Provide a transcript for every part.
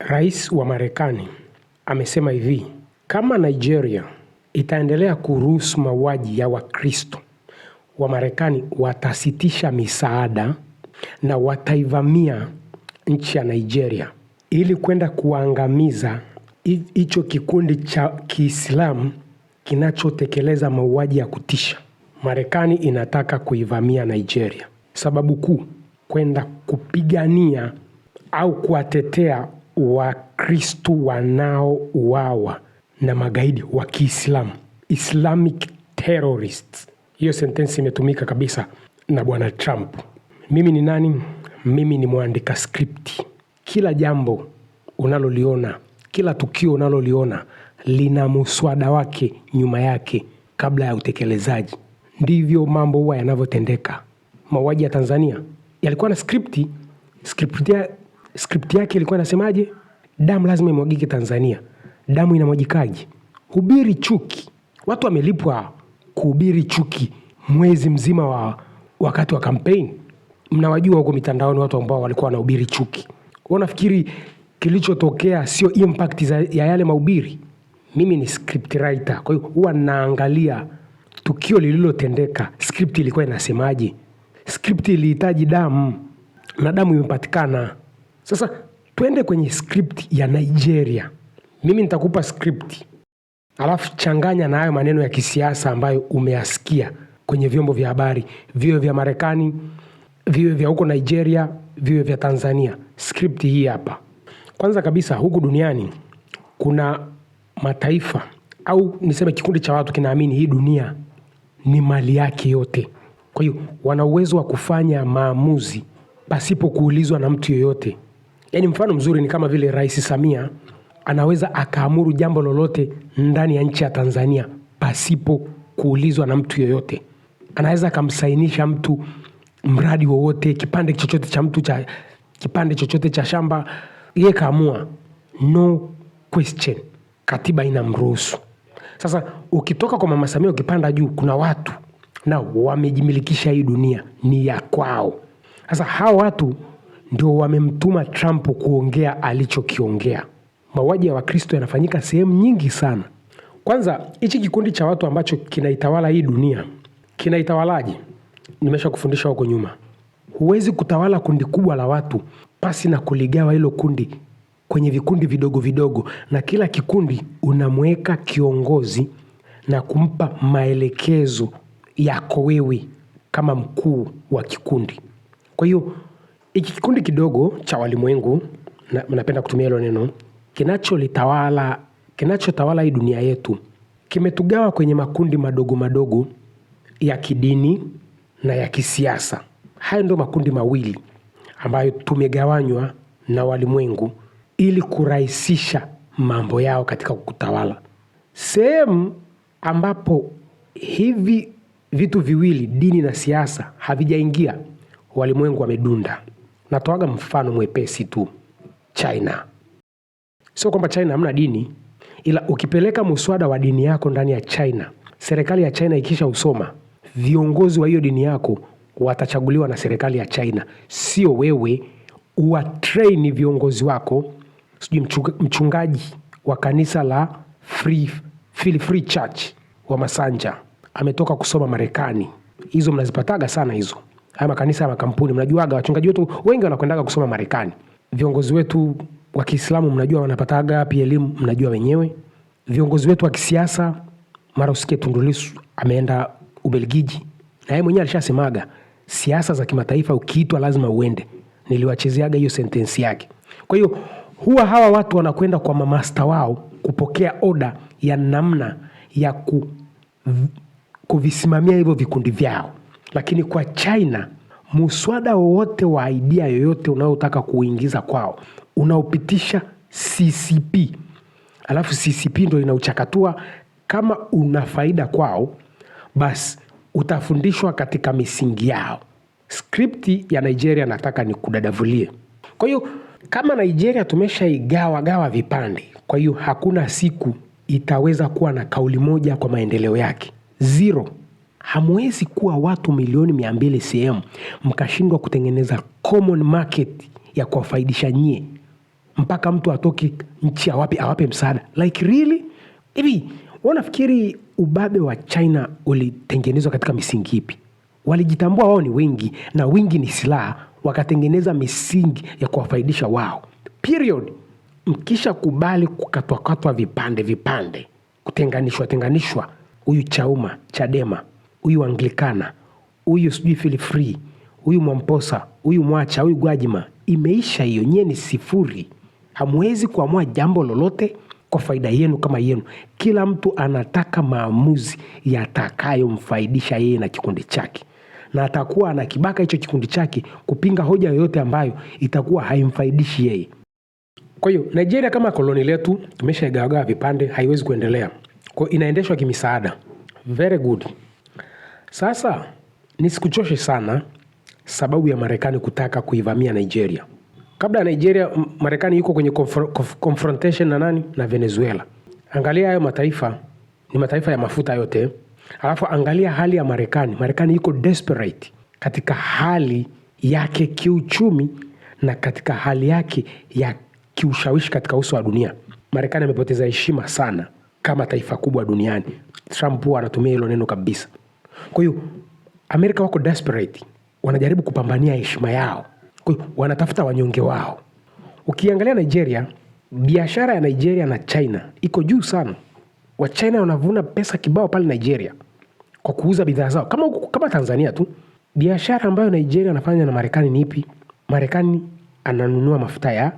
Rais wa Marekani amesema hivi, kama Nigeria itaendelea kuruhusu mauaji ya Wakristo wa Marekani watasitisha misaada na wataivamia nchi ya Nigeria ili kwenda kuangamiza hicho kikundi cha Kiislamu kinachotekeleza mauaji ya kutisha. Marekani inataka kuivamia Nigeria, sababu kuu kwenda kupigania au kuwatetea Wakristu wanaouawa na magaidi wa Kiislamu, Islamic terrorists. Hiyo sentensi imetumika kabisa na bwana Trump. Mimi ni nani? Mimi ni mwandika skripti. Kila jambo unaloliona, kila tukio unaloliona lina muswada wake nyuma yake kabla ya utekelezaji. Ndivyo mambo huwa yanavyotendeka. Mauaji ya Tanzania yalikuwa na skripti. Skripti script yake ilikuwa inasemaje? Damu lazima imwagike Tanzania. Damu inamwagikaje? Hubiri chuki. Watu wamelipwa kuhubiri chuki mwezi mzima wa wakati wa kampeni. Mnawajua huko mitandaoni watu ambao walikuwa wanahubiri chuki. Nafikiri kilichotokea sio impact ya yale mahubiri. Mimi ni script writer, kwa hiyo huwa naangalia tukio lililotendeka, script ilikuwa inasemaje. Script ilihitaji damu na damu imepatikana. Sasa twende kwenye script ya Nigeria. Mimi nitakupa script, alafu changanya na hayo maneno ya kisiasa ambayo umeyasikia kwenye vyombo vya habari, viwe vya Marekani, viwe vya huko Nigeria, viwe vya Tanzania. Script hii hapa. Kwanza kabisa, huku duniani kuna mataifa au niseme kikundi cha watu kinaamini hii dunia ni mali yake yote. Kwa hiyo wana uwezo wa kufanya maamuzi pasipo kuulizwa na mtu yoyote. Yaani mfano mzuri ni kama vile Rais Samia anaweza akaamuru jambo lolote ndani ya nchi ya Tanzania pasipo kuulizwa na mtu yoyote. Anaweza akamsainisha mtu mradi wowote, kipande chochote cha mtu cha kipande chochote cha shamba, yeye kaamua, no question, katiba inamruhusu. Sasa ukitoka kwa mama Samia ukipanda juu, kuna watu nao wamejimilikisha hii dunia, ni ya kwao. Sasa hawa watu ndio wamemtuma Trump kuongea alichokiongea. Mauaji ya Wakristo yanafanyika sehemu nyingi sana. Kwanza, hichi kikundi cha watu ambacho kinaitawala hii dunia kinaitawalaje? Nimesha kufundisha huko nyuma, huwezi kutawala kundi kubwa la watu pasi na kuligawa hilo kundi kwenye vikundi vidogo vidogo, na kila kikundi unamweka kiongozi na kumpa maelekezo yako wewe kama mkuu wa kikundi. Kwa hiyo hiki kikundi kidogo cha walimwengu, na, napenda kutumia hilo neno, kinacholitawala, kinachotawala hii dunia yetu, kimetugawa kwenye makundi madogo madogo ya kidini na ya kisiasa. Hayo ndio makundi mawili ambayo tumegawanywa na walimwengu ili kurahisisha mambo yao katika kutawala. Sehemu ambapo hivi vitu viwili, dini na siasa, havijaingia, walimwengu wamedunda natoaga mfano mwepesi tu China. Sio kwamba China hamna dini, ila ukipeleka muswada wa dini yako ndani ya China, serikali ya China ikisha usoma, viongozi wa hiyo dini yako watachaguliwa na serikali ya China, sio wewe uwatraini viongozi wako, sijui mchungaji wa kanisa la Free, Free Church wa Masanja ametoka kusoma Marekani. Hizo mnazipataga sana hizo haya makanisa ya makampuni, mnajuaga wachungaji wetu wengi wanakwendaga kusoma Marekani. Viongozi wetu wa Kiislamu mnajua wanapataga api elimu, mnajua wenyewe. Viongozi wetu wa kisiasa, mara usikie Tundu ameenda Ubelgiji, na yeye mwenyewe alishasemaga siasa za kimataifa ukiitwa lazima uende. Niliwachezeaga hiyo sentensi yake. Kwa hiyo huwa hawa watu wanakwenda kwa mamasta wao kupokea oda ya namna ya ku, kuvisimamia hivyo vikundi vyao. Lakini kwa China, muswada wowote wa aidia yoyote unaotaka kuingiza kwao unaopitisha CCP, alafu CCP ndo inauchakatua. Kama una faida kwao, basi utafundishwa katika misingi yao. Skripti ya Nigeria nataka ni kudadavulie. Kwa hiyo kama Nigeria tumeshaigawagawa vipande, kwa hiyo hakuna siku itaweza kuwa na kauli moja kwa maendeleo yake, zero. Hamwezi kuwa watu milioni mia mbili sehemu mkashindwa kutengeneza common market ya kuwafaidisha nyie mpaka mtu atoke nchi awape awape msaada. Like really? Hivi wanafikiri ubabe wa China ulitengenezwa katika misingi ipi? Walijitambua wao ni wengi na wingi ni silaha, wakatengeneza misingi ya kuwafaidisha wao. Period. Mkisha kubali kukatwakatwa vipande vipande, kutenganishwa tenganishwa, huyu Chauma, Chadema huyu Anglikana, huyu sijui free, huyu Mwamposa, huyu Mwacha, huyu Gwajima. Imeisha hiyo, nyie ni sifuri. Hamwezi kuamua jambo lolote kwa faida yenu kama yenu. Kila mtu anataka maamuzi yatakayomfaidisha yeye na kikundi chake, na atakuwa anakibaka hicho kikundi chake kupinga hoja yoyote ambayo itakuwa haimfaidishi yeye. Kwa hiyo Nigeria kama koloni letu tumeshaigawagawa vipande, haiwezi kuendelea. Kwa hiyo inaendeshwa kimisaada, very good. Sasa nisikuchoshe sana sababu ya Marekani kutaka kuivamia Nigeria. Kabla ya Nigeria, Marekani yuko kwenye confrontation na nani? Na Venezuela. Angalia hayo mataifa ni mataifa ya mafuta yote, alafu angalia hali ya Marekani. Marekani yuko desperate katika hali yake kiuchumi na katika hali yake ya kiushawishi katika uso wa dunia. Marekani amepoteza heshima sana kama taifa kubwa duniani. Trump huwa anatumia hilo neno kabisa. Kwa hiyo Amerika wako desperate, wanajaribu kupambania heshima yao, kwa hiyo wanatafuta wanyonge wao. Ukiangalia Nigeria, biashara ya Nigeria na China iko juu sana. Wachina wanavuna pesa kibao pale Nigeria kwa kuuza bidhaa zao, kama, kama Tanzania tu. Biashara ambayo Nigeria anafanya na Marekani ni ipi? Marekani ananunua mafuta ya,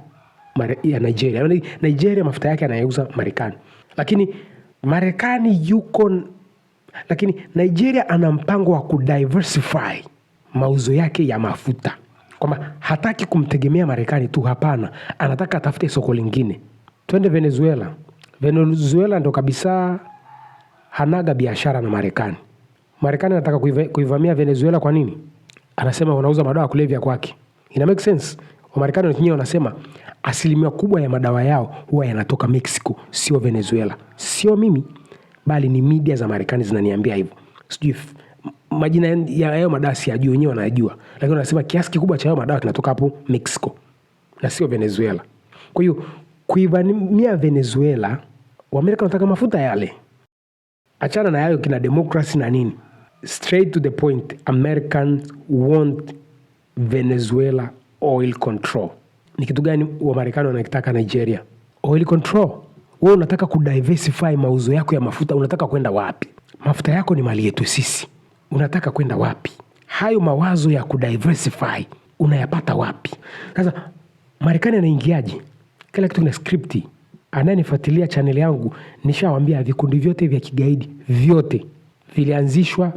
ya Nigeria. Yaani, Nigeria mafuta yake anayeuza Marekani, lakini Marekani yuko lakini Nigeria ana mpango wa kudiversify mauzo yake ya mafuta, kwamba hataki kumtegemea Marekani tu, hapana, anataka atafute soko lingine. Twende Venezuela. Venezuela ndo kabisa hanaga biashara na Marekani. Marekani anataka kuivamia Venezuela kwa nini? Anasema wanauza madawa ya kulevya kwake. Ina make sense. Wamarekani wenyewe wanasema asilimia kubwa ya madawa yao huwa yanatoka Mexico, sio Venezuela, sio mimi bali ni media za Marekani zinaniambia hivyo. Sijui majina ya hayo madawa siyajui, wenyewe wanayajua, lakini wanasema kiasi kikubwa cha hayo madawa kinatoka hapo Mexico na sio Venezuela. Kwa hiyo kuivamia Venezuela, wamerika wanataka mafuta yale, achana na yayo kina demokrasi na nini. Straight to the point, Americans want Venezuela oil control. Ni kitu gani Wamarekani wanakitaka Nigeria? Oil control wewe unataka kudiversify mauzo yako ya mafuta, unataka kwenda wapi? Mafuta yako ni mali yetu sisi, unataka kwenda wapi? Hayo mawazo ya kudiversify unayapata wapi? Sasa Marekani anaingiaje? Kila kitu kina skripti. Anayenifuatilia channel yangu, nishawambia vikundi vyote vya kigaidi vyote vilianzishwa,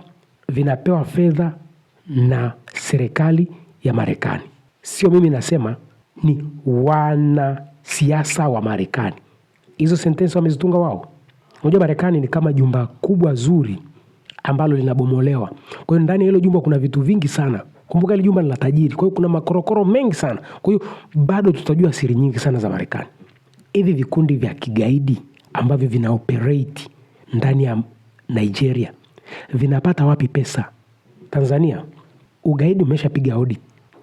vinapewa fedha na serikali ya Marekani. Sio mimi nasema, ni wanasiasa wa Marekani hizo sentensi wamezitunga wao. Unajua Marekani ni kama jumba kubwa zuri ambalo linabomolewa. Kwa hiyo ndani ya hilo jumba kuna vitu vingi sana. Kumbuka hili jumba ni la tajiri, kwa hiyo kuna makorokoro mengi sana. Kwa hiyo bado tutajua siri nyingi sana za Marekani. Hivi vikundi vya kigaidi ambavyo vina operate ndani ya Nigeria vinapata wapi pesa? Tanzania ugaidi umeshapiga hodi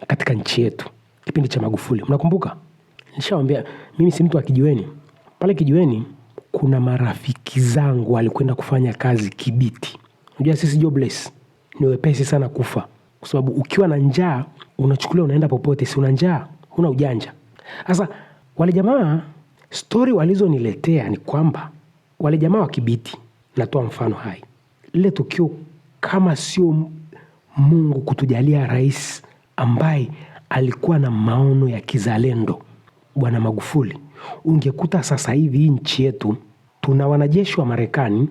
katika nchi yetu kipindi cha Magufuli, mnakumbuka? Nishawambia mimi si mtu wa kijiweni. Pale kijiweni, kuna marafiki zangu walikwenda kufanya kazi kibiti. Unajua sisi jobless, ni wepesi sana kufa. Kwa sababu ukiwa na njaa, unachukulia unaenda popote, si una njaa, huna ujanja. Sasa, wale jamaa, stori walizoniletea ni kwamba, wale jamaa wa kibiti, natoa mfano hai. Lile tukio kama sio mungu kutujalia rais ambaye alikuwa na maono ya kizalendo. Bwana magufuli ungekuta sasa hivi nchi yetu tuna wanajeshi wa Marekani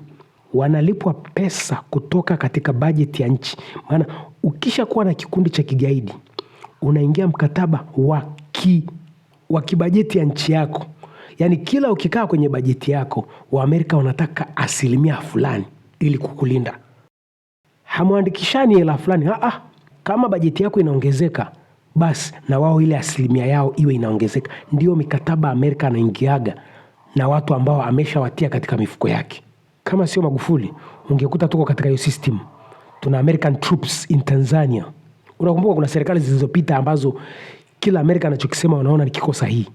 wanalipwa pesa kutoka katika bajeti ya nchi. Maana ukisha kuwa na kikundi cha kigaidi unaingia mkataba wa ki wa kibajeti ya nchi yako, yaani kila ukikaa kwenye bajeti yako Waamerika wanataka asilimia fulani ili kukulinda. Hamwandikishani hela fulani, ah, ah kama bajeti yako inaongezeka basi na wao ile asilimia yao iwe inaongezeka. Ndio mikataba Amerika anaingiaga na watu ambao ameshawatia katika mifuko yake. Kama sio Magufuli, ungekuta tuko katika hiyo system. Tuna American troops in Tanzania. Unakumbuka kuna serikali zilizopita ambazo kila Amerika anachokisema wanaona ni kiko sahihi.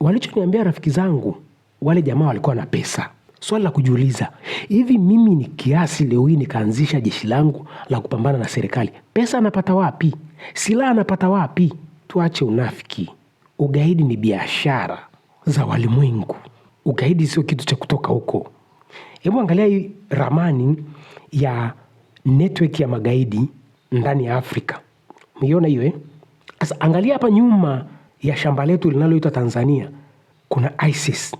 Walichoniambia rafiki zangu, wale jamaa walikuwa na pesa. Swali la kujiuliza, hivi mimi ni kiasi leo hii nikaanzisha jeshi langu la kupambana na serikali? Pesa anapata wapi? Silaha anapata wapi? Tuache unafiki. Ugaidi ni biashara za walimwengu. Ugaidi sio kitu cha kutoka huko. Hebu angalia hii ramani ya network ya magaidi ndani ya Afrika. Umeiona hiyo eh? Sasa angalia hapa nyuma ya shamba letu linaloitwa Tanzania kuna ISIS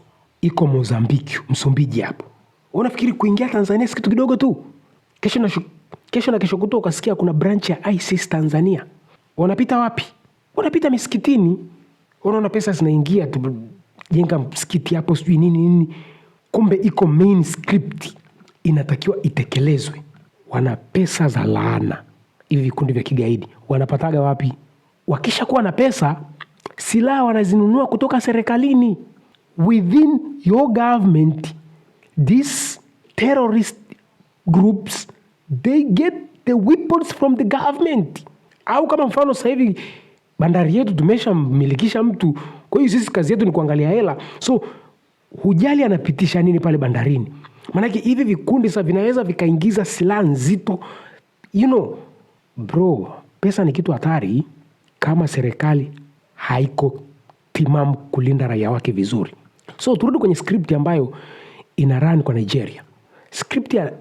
iko Mozambiki, Msumbiji hapo. Unafikiri kuingia Tanzania si kitu kidogo tu? Kesho na kesho na kesho kutoka ukasikia kuna branch ya ISIS Tanzania. Wanapita wapi? Wanapita misikitini. Unaona pesa zinaingia tu, jenga msikiti hapo, sijui nini nini. Kumbe iko main script inatakiwa itekelezwe. Wana pesa za laana. Hivi vikundi vya kigaidi wanapataga wapi? Wakishakuwa na pesa, silaha wanazinunua kutoka serikalini within your government, these terrorist groups they get the weapons from the government. Au kama mfano sasa hivi bandari yetu tumeshamilikisha mtu, kwa hiyo sisi kazi yetu ni kuangalia hela, so hujali anapitisha nini pale bandarini. Maanake hivi vikundi sasa vinaweza vikaingiza silaha nzito, you know, bro, pesa ni kitu hatari kama serikali haiko timamu kulinda raia wake vizuri. So turudi kwenye script ambayo ina run kwa Nigeria, script ya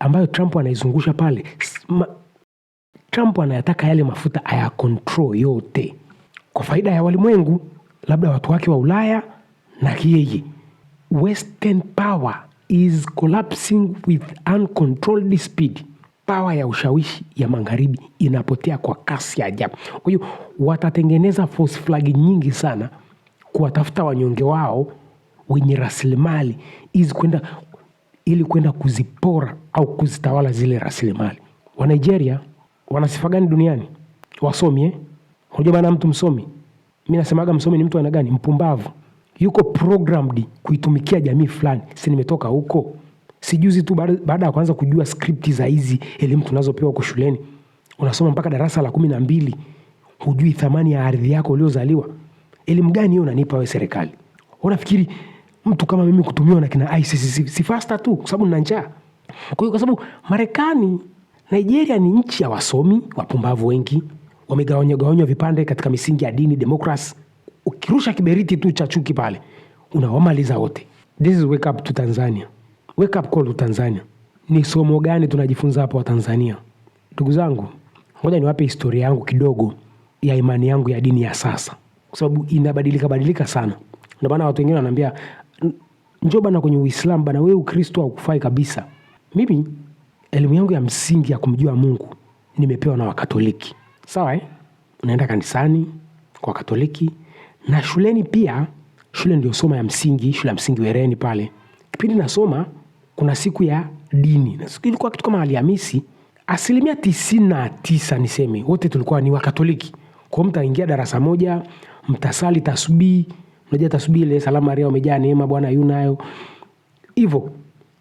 ambayo Trump anaizungusha pale ma, Trump anayataka yale mafuta aya control yote kwa faida ya walimwengu, labda watu wake wa Ulaya na yeye. Western power is collapsing with uncontrolled speed. Pawa ya ushawishi ya magharibi inapotea kwa kasi ya ajabu. Kwa hiyo watatengeneza false flag nyingi sana kuwatafuta wanyonge wao wenye rasilimali hizi kwenda ili kwenda kuzipora au kuzitawala zile rasilimali. Wa Nigeria wana sifa gani duniani? Wasomi eh? Unajua maana mtu msomi, mimi nasemaga msomi ni mtu aina gani? Mpumbavu, yuko programmed kuitumikia jamii fulani. Si nimetoka huko sijuzi tu, baada ya kwanza kujua skripti za hizi elimu tunazopewa huko shuleni, unasoma mpaka darasa la kumi na mbili hujui thamani ya ardhi yako uliozaliwa. Elimu gani hiyo unanipa wewe serikali? Unafikiri mtu kama mimi kutumiwa na kina ICC si fasta tu, kwa sababu nina njaa. Kwa hiyo kwa sababu Marekani, Nigeria ni nchi ya wasomi wapumbavu wengi, wamegawanywa gawanywa vipande katika misingi ya dini, demokrasi. Ukirusha kiberiti tu cha chuki pale unawamaliza wote. This is wake up to Tanzania, wake up call to Tanzania. Ni somo gani tunajifunza hapa Watanzania? Ndugu zangu, ngoja niwape historia yangu kidogo ya imani yangu ya dini ya sasa, kwa sababu inabadilika badilika sana. Ndio maana watu wengine wanaambia njoo bana kwenye Uislamu bana, wewe Ukristo haukufai kabisa. Mimi elimu yangu ya msingi ya kumjua Mungu nimepewa na Wakatoliki, sawa eh? Unaenda kanisani kwa Katoliki na shuleni pia. Shule ndio soma ya msingi, shule ya msingi Wereni pale. Kipindi nasoma kuna siku ya dini na siku ilikuwa kitu kama Alhamisi, asilimia tisini na tisa niseme wote tulikuwa ni Wakatoliki. Kwa mtaingia darasa moja mtasali tasubii Unajua tasubiri salamu Maria umejaa neema, Bwana yu nayo. Hivyo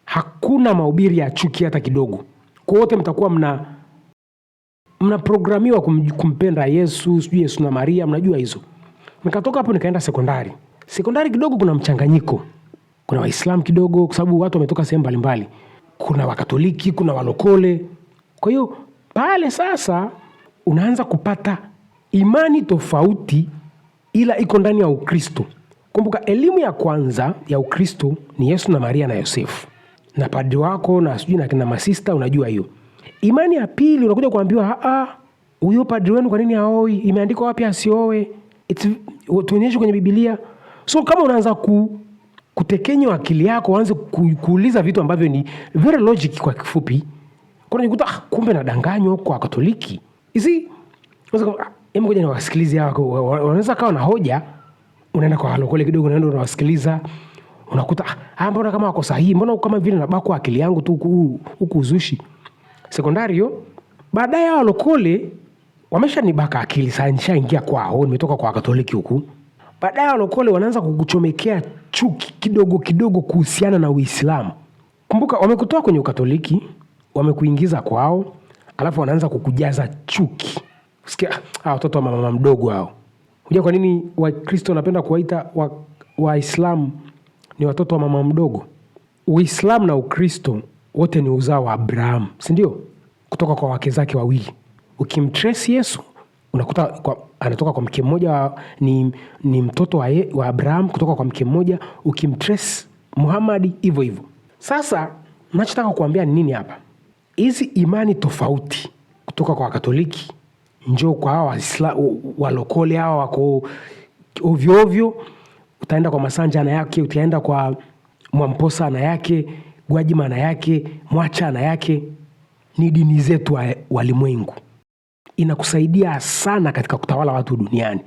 hakuna mahubiri ya chuki hata kidogo. Kwa wote mtakuwa mna mnaprogramiwa kum, kumpenda Yesu, sijui Yesu na Maria, mnajua hizo. Nikatoka hapo nikaenda sekondari. Sekondari kidogo kuna mchanganyiko, kuna Waislamu kidogo, kwa sababu watu wametoka sehemu mbalimbali, kuna Wakatoliki, kuna walokole. Kwa hiyo pale sasa unaanza kupata imani tofauti ila iko ndani ya Ukristo. Kumbuka elimu ya kwanza ya Ukristo ni Yesu na Maria na Yosefu na padri wako na sijui na kina masista, unajua hiyo. Imani ya pili unakuja kuambiwa huyo padri wenu kwa nini haoi? Imeandikwa wapi asioe? Tuonyeshe kwenye Biblia. So kama unaanza ku, kutekenywa akili yako uanze ku, kuuliza vitu ambavyo ni very logic kwa kifupi, kuna ah, kumbe nadanganywa kwa Katoliki isi hebu ngoja niwasikilize hawa, wanaweza kawa na hoja, unaenda kwa halokole kidogo, unaenda unawasikiliza, unakuta ah, ah, mbona kama wako sahihi, mbona kama vile nabakwa akili yangu tu huku uzushi sekondario Baadaye hawa walokole wameshanibaka akili sasa, nishaingia kwao, nimetoka kwa Katoliki huku. Baadaye walokole wanaanza kukuchomekea chuki kidogo kidogo kuhusiana na Uislamu. Kumbuka wamekutoa kwenye Ukatoliki, wamekuingiza kwao, alafu wanaanza kukujaza chuki. Sikia, ah, watoto wa mama mdogo hao. Unajua kwa nini Wakristo wanapenda kuwaita waislam wa ni watoto wa mama mdogo? Uislamu na Ukristo wote ni uzao wa abraham si ndio? Kutoka kwa wake zake wawili. Ukimtrace Yesu unakuta kwa, anatoka kwa mke mmoja ni, ni mtoto wa, ye, wa abraham kutoka kwa mke mmoja. Ukimtrace Muhamadi hivyo hivyo. Sasa nachotaka kuambia ni nini hapa? Hizi imani tofauti kutoka kwa Wakatoliki njoo kwa hawa walokole hawa wako ovyo ovyo, utaenda kwa Masanja na yake, utaenda kwa Mwamposa na yake, Gwajima mana yake, Mwacha na yake. Ni dini zetu walimwengu, inakusaidia sana katika kutawala watu duniani.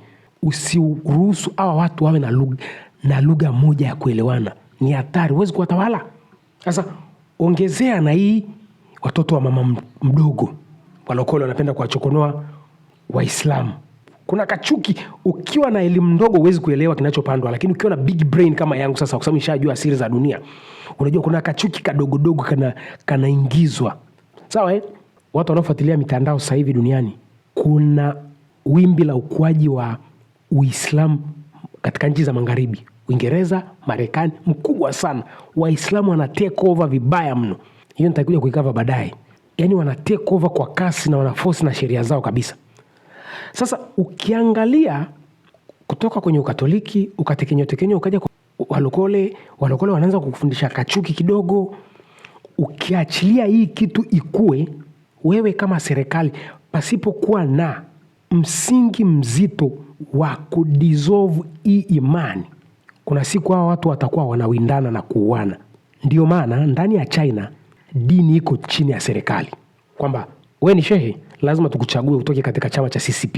Usiruhusu hawa watu wawe na lugha na lugha moja ya kuelewana, ni hatari, huwezi kuwatawala. Sasa ongezea na hii watoto wa mama mdogo, walokole wanapenda kuwachokonoa Waislamu. Kuna kachuki, ukiwa na elimu ndogo huwezi kuelewa kinachopandwa, lakini ukiwa na big brain kama yangu sasa, kwa sababu nishajua asiri za dunia, unajua kuna kachuki kadogodogo kanaingizwa, kana sawa eh? Watu wanaofuatilia mitandao sasa hivi duniani, kuna wimbi la ukuaji wa Uislamu katika nchi za magharibi, Uingereza, Marekani, mkubwa sana. Waislamu wana take over vibaya mno. Hiyo nitakuja kuikava baadaye. Yani wana take over kwa kasi na wanafosi na sheria zao kabisa. Sasa ukiangalia kutoka kwenye Ukatoliki ukatekenyo ukaja kwa walokole, walokole wanaanza kukufundisha kachuki kidogo. Ukiachilia hii kitu ikue, wewe kama serikali, pasipokuwa na msingi mzito wa kudisolve hii imani, kuna siku hawa watu watakuwa wanawindana na kuuana. Ndio maana ndani ya China dini iko chini ya serikali, kwamba we ni shehe lazima tukuchague utoke katika chama cha CCP.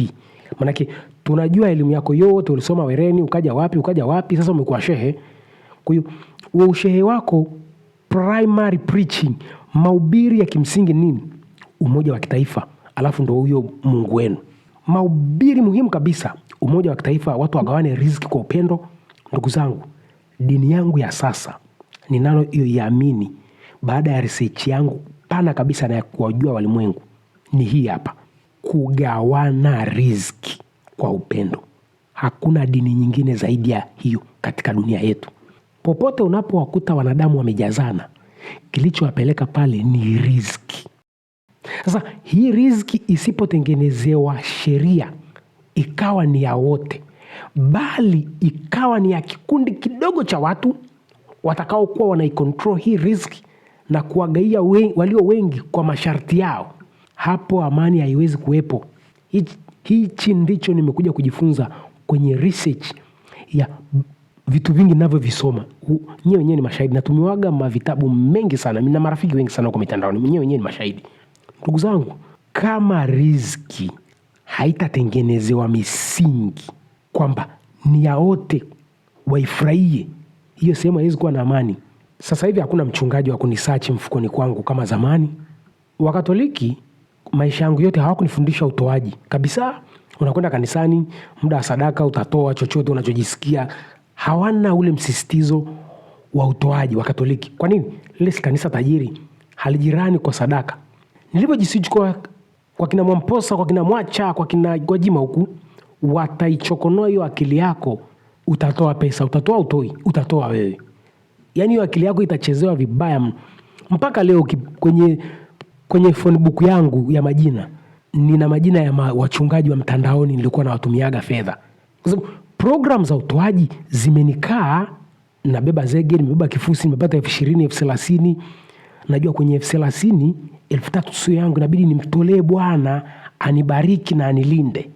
Manake tunajua elimu yako yote ulisoma Wereni, ukaja wapi, ukaja wapi, sasa umekuwa shehe. Kwa hiyo ushehe wako primary preaching, maubiri ya kimsingi nini? Umoja wa kitaifa, alafu ndo huyo Mungu wenu. maubiri muhimu kabisa, umoja wa kitaifa, watu wagawane riziki kwa upendo. Ndugu zangu, dini yangu ya sasa ninalo iyo iamini baada ya research yangu pana kabisa na ya kuwajua walimwengu ni hii hapa, kugawana riski kwa upendo. Hakuna dini nyingine zaidi ya hiyo katika dunia yetu. Popote unapowakuta wanadamu wamejazana, kilichowapeleka pale ni riski Sasa hii riski isipotengenezewa sheria ikawa ni ya wote, bali ikawa ni ya kikundi kidogo cha watu watakaokuwa wanaikontrol hii riski na kuwagaia walio wengi kwa masharti yao, hapo amani haiwezi kuwepo. Hichi ndicho nimekuja kujifunza kwenye research ya vitu vingi navyovisoma. Nyie wenyewe ni mashahidi, natumiwaga mavitabu mengi sana, na marafiki wengi sana huko mitandaoni, nyie wenyewe ni mashahidi. Ndugu zangu, kama riziki haitatengenezewa misingi kwamba ni ya wote waifurahie, hiyo sehemu haiwezi kuwa na amani. Sasa hivi hakuna mchungaji wa kunisachi mfukoni kwangu kama zamani. Wakatoliki maisha yangu yote hawakunifundisha utoaji kabisa. Unakwenda kanisani, muda wa sadaka, utatoa chochote unachojisikia. Hawana ule msisitizo wa utoaji wa Katoliki. Kwa nini? Lile si kanisa tajiri, halijirani kwa sadaka. Nilivyojisikia kwa, kwa kina Mwamposa, kwa kina Mwacha, kwa kina Gwajima huku, wataichokonoa hiyo akili yako. Utatoa pesa, utatoa utoi, utatoa wewe. Yaani hiyo akili yako itachezewa vibaya mpaka leo kwenye kwenye phone book yangu ya majina nina majina ya ma, wachungaji wa mtandaoni nilikuwa nawatumiaga fedha, kwa sababu program za utoaji zimenikaa. Nabeba zege, nimebeba kifusi, nimepata elfu ishirini, elfu thelathini. Najua kwenye elfu thelathini, elfu tatu sio yangu, inabidi nimtolee Bwana anibariki na anilinde.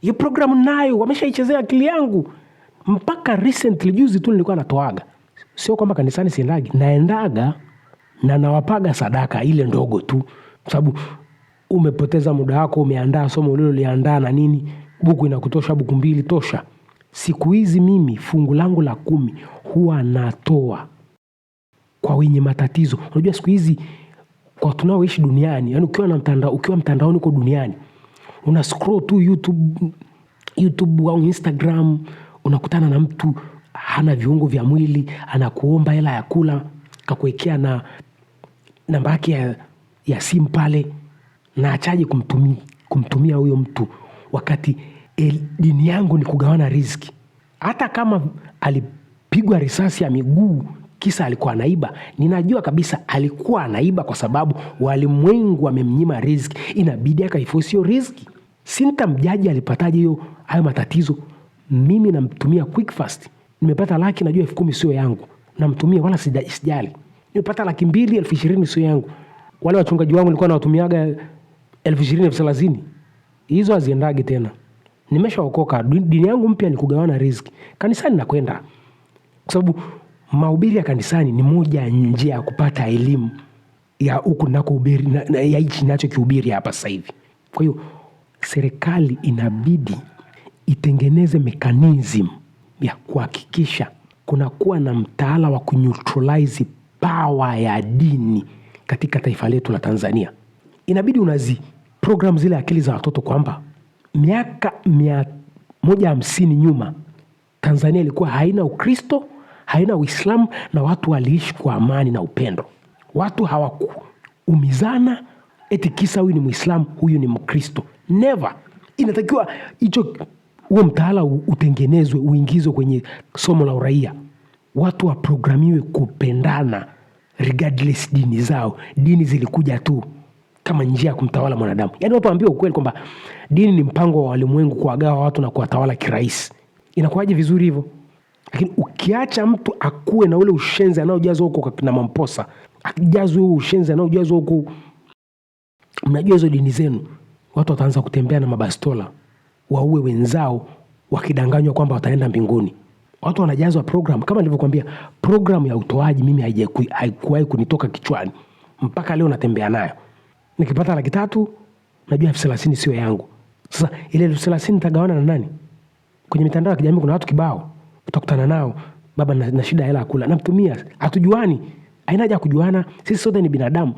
Hiyo program nayo wameshaichezea akili yangu. Mpaka recently, juzi tu nilikuwa natoaga, sio kwamba kanisani siendagi, naendaga na nawapaga sadaka ile ndogo tu, kwa sababu umepoteza muda wako, umeandaa somo liandaa na nini, buku inakutosha, buku mbili tosha. Siku hizi mimi fungu langu la kumi huwa natoa kwa wenye matatizo. Unajua siku hizi kwa tunaoishi duniani, yani ukiwa na mtanda, ukiwa mtandaoni huko duniani, una scroll tu YouTube, YouTube au Instagram, unakutana na mtu hana viungo vya mwili, anakuomba hela ya kula kakuekea na namba yake ya, ya simu pale na achaje kumtumia, kumtumia huyo mtu wakati eh, dini yangu ni kugawana riziki. Hata kama alipigwa risasi ya miguu kisa alikuwa anaiba, ninajua kabisa alikuwa anaiba kwa sababu walimwengu wamemnyima riziki, inabidi akaifosi hiyo sinta mjaji alipataje hiyo hayo matatizo. Mimi namtumia quick fast, nimepata laki, najua elfu kumi sio yangu namtumia wala sijali. Nipata laki mbili elfu ishirini sio yangu. Wale wachungaji wangu nilikuwa nawatumiaga elfu ishirini elfu thelathini hizo haziendagi tena. Nimeshaokoka, dini yangu mpya ni kugawana riziki. Kanisani nakwenda kwa sababu mahubiri ya kanisani ni moja ya njia ya kupata elimu ya huku nakohubiri na, ya hichi nacho kihubiri hapa sasa hivi. Kwa hiyo serikali inabidi itengeneze mekanizmu ya kuhakikisha kuna kuwa na mtaala wa kuneutralize power ya dini katika taifa letu la Tanzania. Inabidi unazi program zile akili za watoto kwamba miaka mia moja hamsini nyuma Tanzania ilikuwa haina Ukristo, haina Uislamu na watu waliishi kwa amani na upendo. Watu hawakuumizana eti kisa huyu ni Muislamu, huyu ni Mkristo. Never. Inatakiwa hicho huo mtaala utengenezwe, uingizwe kwenye somo la uraia, watu waprogramiwe kupendana regardless dini zao. Dini zilikuja tu kama njia ya kumtawala mwanadamu, yaani watu waambiwa ukweli kwamba dini ni mpango wa walimwengu kuwagawa watu na kuwatawala kirahisi. Inakuwaje vizuri hivyo? Lakini ukiacha mtu akuwe na ule ushenzi anaojazwa huko na Mamposa, akijazwa huo ushenzi anaojazwa huko, mnajua hizo dini zenu, watu wataanza kutembea na mabastola waue wenzao wakidanganywa kwamba wataenda mbinguni. Watu wanajazwa program, kama nilivyokwambia, program ya utoaji mimi haikuwahi kunitoka kichwani mpaka leo, natembea nayo. Nikipata laki tatu najua elfu thelathini sio yangu. Sasa ile elfu thelathini nitagawana na nani? Kwenye mitandao ya kijamii kuna watu kibao, utakutana nao, baba na, na shida hela akula, namtumia, hatujuani. aina haja kujuana, sisi sote ni binadamu,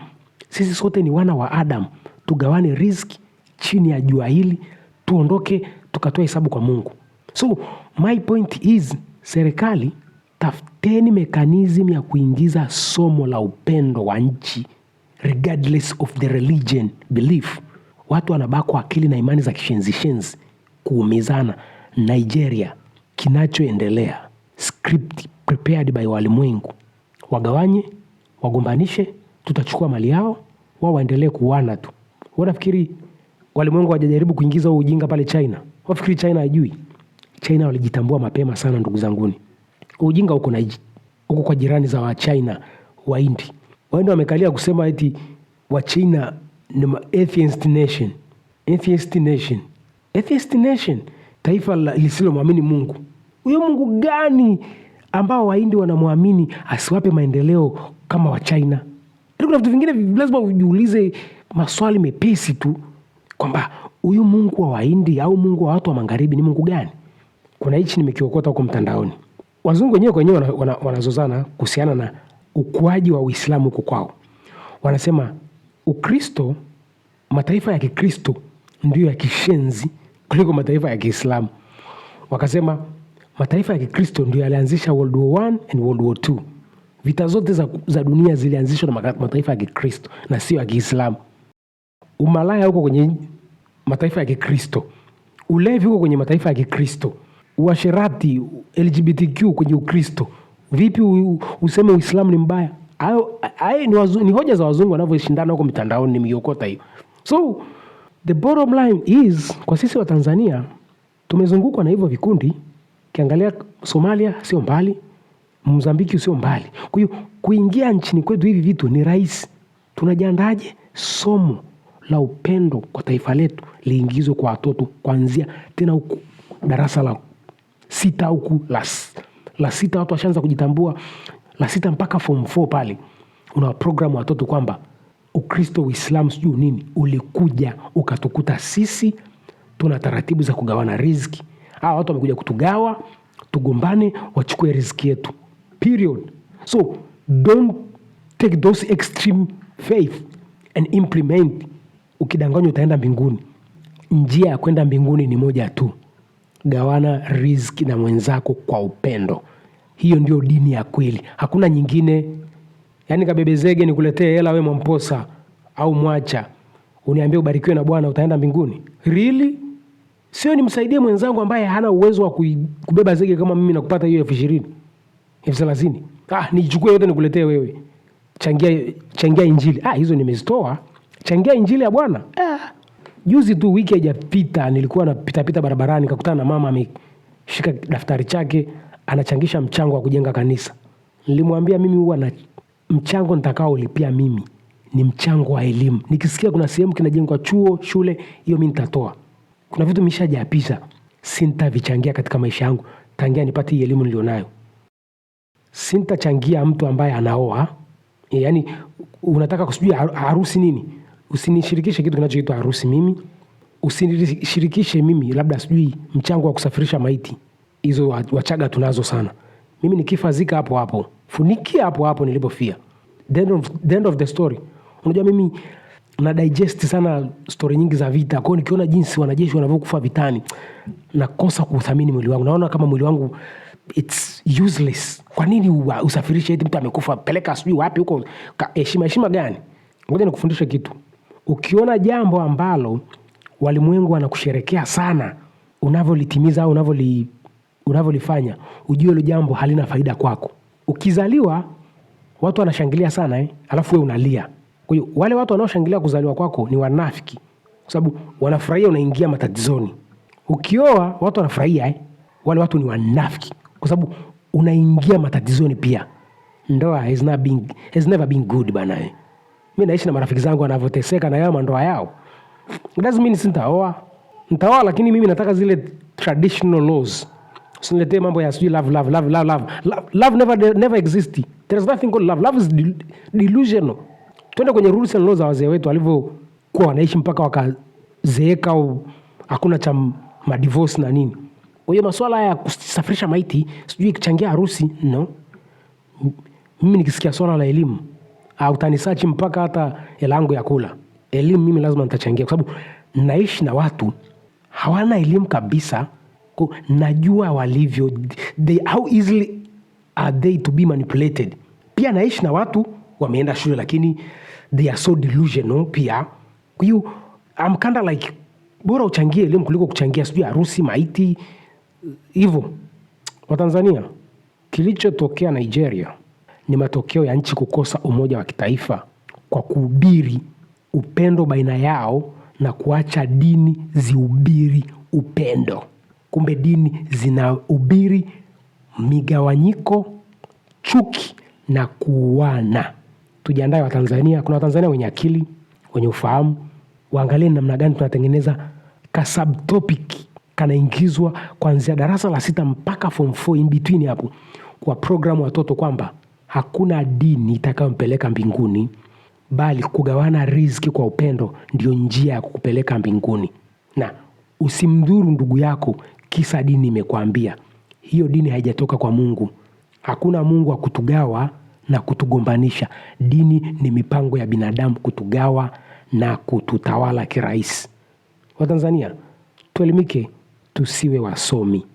sisi sote ni wana wa Adamu, tugawane riski chini ya jua hili tuondoke tukatoa hesabu kwa Mungu. So my point is, serikali tafuteni mekanizmu ya kuingiza somo la upendo wa nchi regardless of the religion belief. Watu wanabakwa akili na imani za kishenzishenzi, kuumizana. Nigeria, kinachoendelea script prepared by walimwengu, wagawanye, wagombanishe, tutachukua mali yao, wao waendelee kuwana tu. Wanafikiri walimwengu wajajaribu kuingiza huo ujinga pale China. Wafikiri China haijui? China walijitambua mapema sana ndugu zanguni. Ujinga huko na huko kwa jirani za Wachina, Wahindi. Wahindi wamekalia kusema eti Wachina ni atheist nation. Atheist nation. Atheist nation, taifa lisilomwamini Mungu. Huyo Mungu gani ambao waindi wanamwamini asiwape maendeleo kama Wachina? Yaani kuna vitu vingine lazima ujiulize maswali mepesi tu kwamba huyu Mungu wa Wahindi au Mungu wa watu wa magharibi ni Mungu gani? Kuna hichi nimekiokota huko mtandaoni. Wazungu wenyewe wenyewe wanazozana wana, wana kuhusiana na ukuaji wa Uislamu huko kwao. Wanasema Ukristo, mataifa ya Kikristo ndio ya kishenzi kuliko mataifa ya Kiislamu. Wakasema mataifa ya Kikristo ndio yalianzisha World War One and World War Two. Vita zote za, za dunia zilianzishwa na mataifa ya Kikristo na sio ya Kiislamu. Umalaya huko kwenye mataifa ya Kikristo, ulevi huko kwenye mataifa ya Kikristo, uasherati LGBTQ kwenye Ukristo. Vipi useme Uislamu ni mbaya? Ayo, ayo, ni, wazu, ni hoja za wazungu wanavyoshindana huko mitandaoni, nimeiokota hiyo. So the bottom line is kwa sisi wa Tanzania tumezungukwa na hivyo vikundi. kiangalia Somalia sio mbali, mzambiki sio mbali. Kwa hiyo kuingia nchini kwetu hivi vitu ni rahisi. Tunajiandaje? Somo la upendo kwa taifa letu liingizwe kwa watoto kuanzia tena huku darasa la sita huku la, la sita watu washaanza kujitambua la sita mpaka form 4 pale una program watoto kwamba Ukristo, Uislamu sijuu nini ulikuja ukatukuta sisi tuna taratibu za kugawana riziki. Hawa watu wamekuja kutugawa, tugombane, wachukue riziki yetu period. So don't take those extreme faith and implement ukidanganywa utaenda mbinguni. Njia ya kwenda mbinguni ni moja tu, gawana riziki na mwenzako kwa upendo. Hiyo ndio dini ya kweli, hakuna nyingine. Yaani kabebezege nikuletee hela we Mwamposa au Mwacha uniambie ubarikiwe na Bwana utaenda mbinguni really? Sio nimsaidie mwenzangu ambaye hana uwezo wa kubeba zege kama mimi na kupata hiyo elfu ishirini elfu thelathini ah, nichukue yote nikuletee wewe, changia, changia Injili. Ah, hizo nimezitoa changia injili ya Bwana ah. Juzi tu wiki haijapita nilikuwa napitapita barabarani kakutana na mama ameshika daftari chake anachangisha mchango wa kujenga kanisa. Nilimwambia mimi huwa na mchango nitakaolipia mimi ni mchango wa elimu. Nikisikia kuna sehemu kinajengwa chuo, shule, hiyo mi nitatoa. Kuna vitu mishajapisa sintavichangia katika maisha yangu tangia nipate hii elimu nilionayo. Sintachangia mtu ambaye anaoa, yaani unataka kusijui harusi nini usinishirikishe kitu kinachoitwa harusi mimi, usinishirikishe mimi labda sijui mchango wa kusafirisha maiti. Hizo Wachaga tunazo sana. Mimi nikifa zika hapo hapo, funikia hapo hapo nilipofia. The end of, the end of the story. Unajua mimi na digest sana stori nyingi za vita. kwao nikiona jinsi wanajeshi wanavyokufa vitani, nakosa kuthamini mwili wangu, naona kama mwili wangu it's useless. Kwa nini usafirishe eti mtu amekufa, peleka sijui wapi huko? Heshima heshima gani? Ngoja nikufundishe kitu. Ukiona jambo ambalo walimwengu wanakusherekea sana, unavyolitimiza au unavyoli unavyolifanya, ujue hilo jambo halina faida kwako. Ukizaliwa watu wanashangilia sana eh, alafu wewe unalia. Kwa hiyo wale watu wanaoshangilia kuzaliwa kwako ni wanafiki, kwa sababu wanafurahia unaingia matatizoni. Ukioa watu wanafurahia eh, wale watu ni wanafiki, kwa sababu unaingia matatizoni pia. Ndoa has never been good bana. eh? mi naishi na marafiki zangu wanavyoteseka na yao mandoa yao, it doesn't mean sintaoa. Nitaoa, lakini mimi nataka zile traditional laws. Usiniletee mambo ya sijui love, love, love, love, love. Love never, never exist There is nothing called love. Love is delusional. twende kwenye rules and laws za wazee wetu alivyo walivyokuwa wanaishi mpaka wakazeeka, au hakuna cha madivorce na nini. Kwa hiyo masuala ya kusafirisha maiti sijui kuchangia harusi no. Mimi nikisikia swala la elimu utanisearch mpaka hata elangu ya kula. Elimu mimi lazima nitachangia, kwa sababu naishi na watu hawana elimu kabisa. Najua walivyo they, how easily are they to be manipulated. Pia naishi na watu wameenda shule, lakini they are so delusional pia. Kwa hiyo I'm like bora uchangie elimu kuliko kuchangia sijui harusi, maiti hivyo. Watanzania, kilichotokea Nigeria ni matokeo ya nchi kukosa umoja wa kitaifa kwa kuhubiri upendo baina yao na kuacha dini zihubiri upendo. Kumbe dini zinahubiri migawanyiko, chuki na kuuana. Tujiandae Watanzania. Kuna Watanzania wenye akili, wenye ufahamu, waangalie namna gani tunatengeneza ka kanaingizwa kuanzia darasa la sita mpaka form four in between hapo, kwa programu watoto kwamba Hakuna dini itakayompeleka mbinguni, bali kugawana riziki kwa upendo ndiyo njia ya kukupeleka mbinguni. Na usimdhuru ndugu yako kisa dini imekuambia. Hiyo dini haijatoka kwa Mungu. Hakuna Mungu wa kutugawa na kutugombanisha. Dini ni mipango ya binadamu kutugawa na kututawala kirahisi. Watanzania, tuelimike tusiwe wasomi.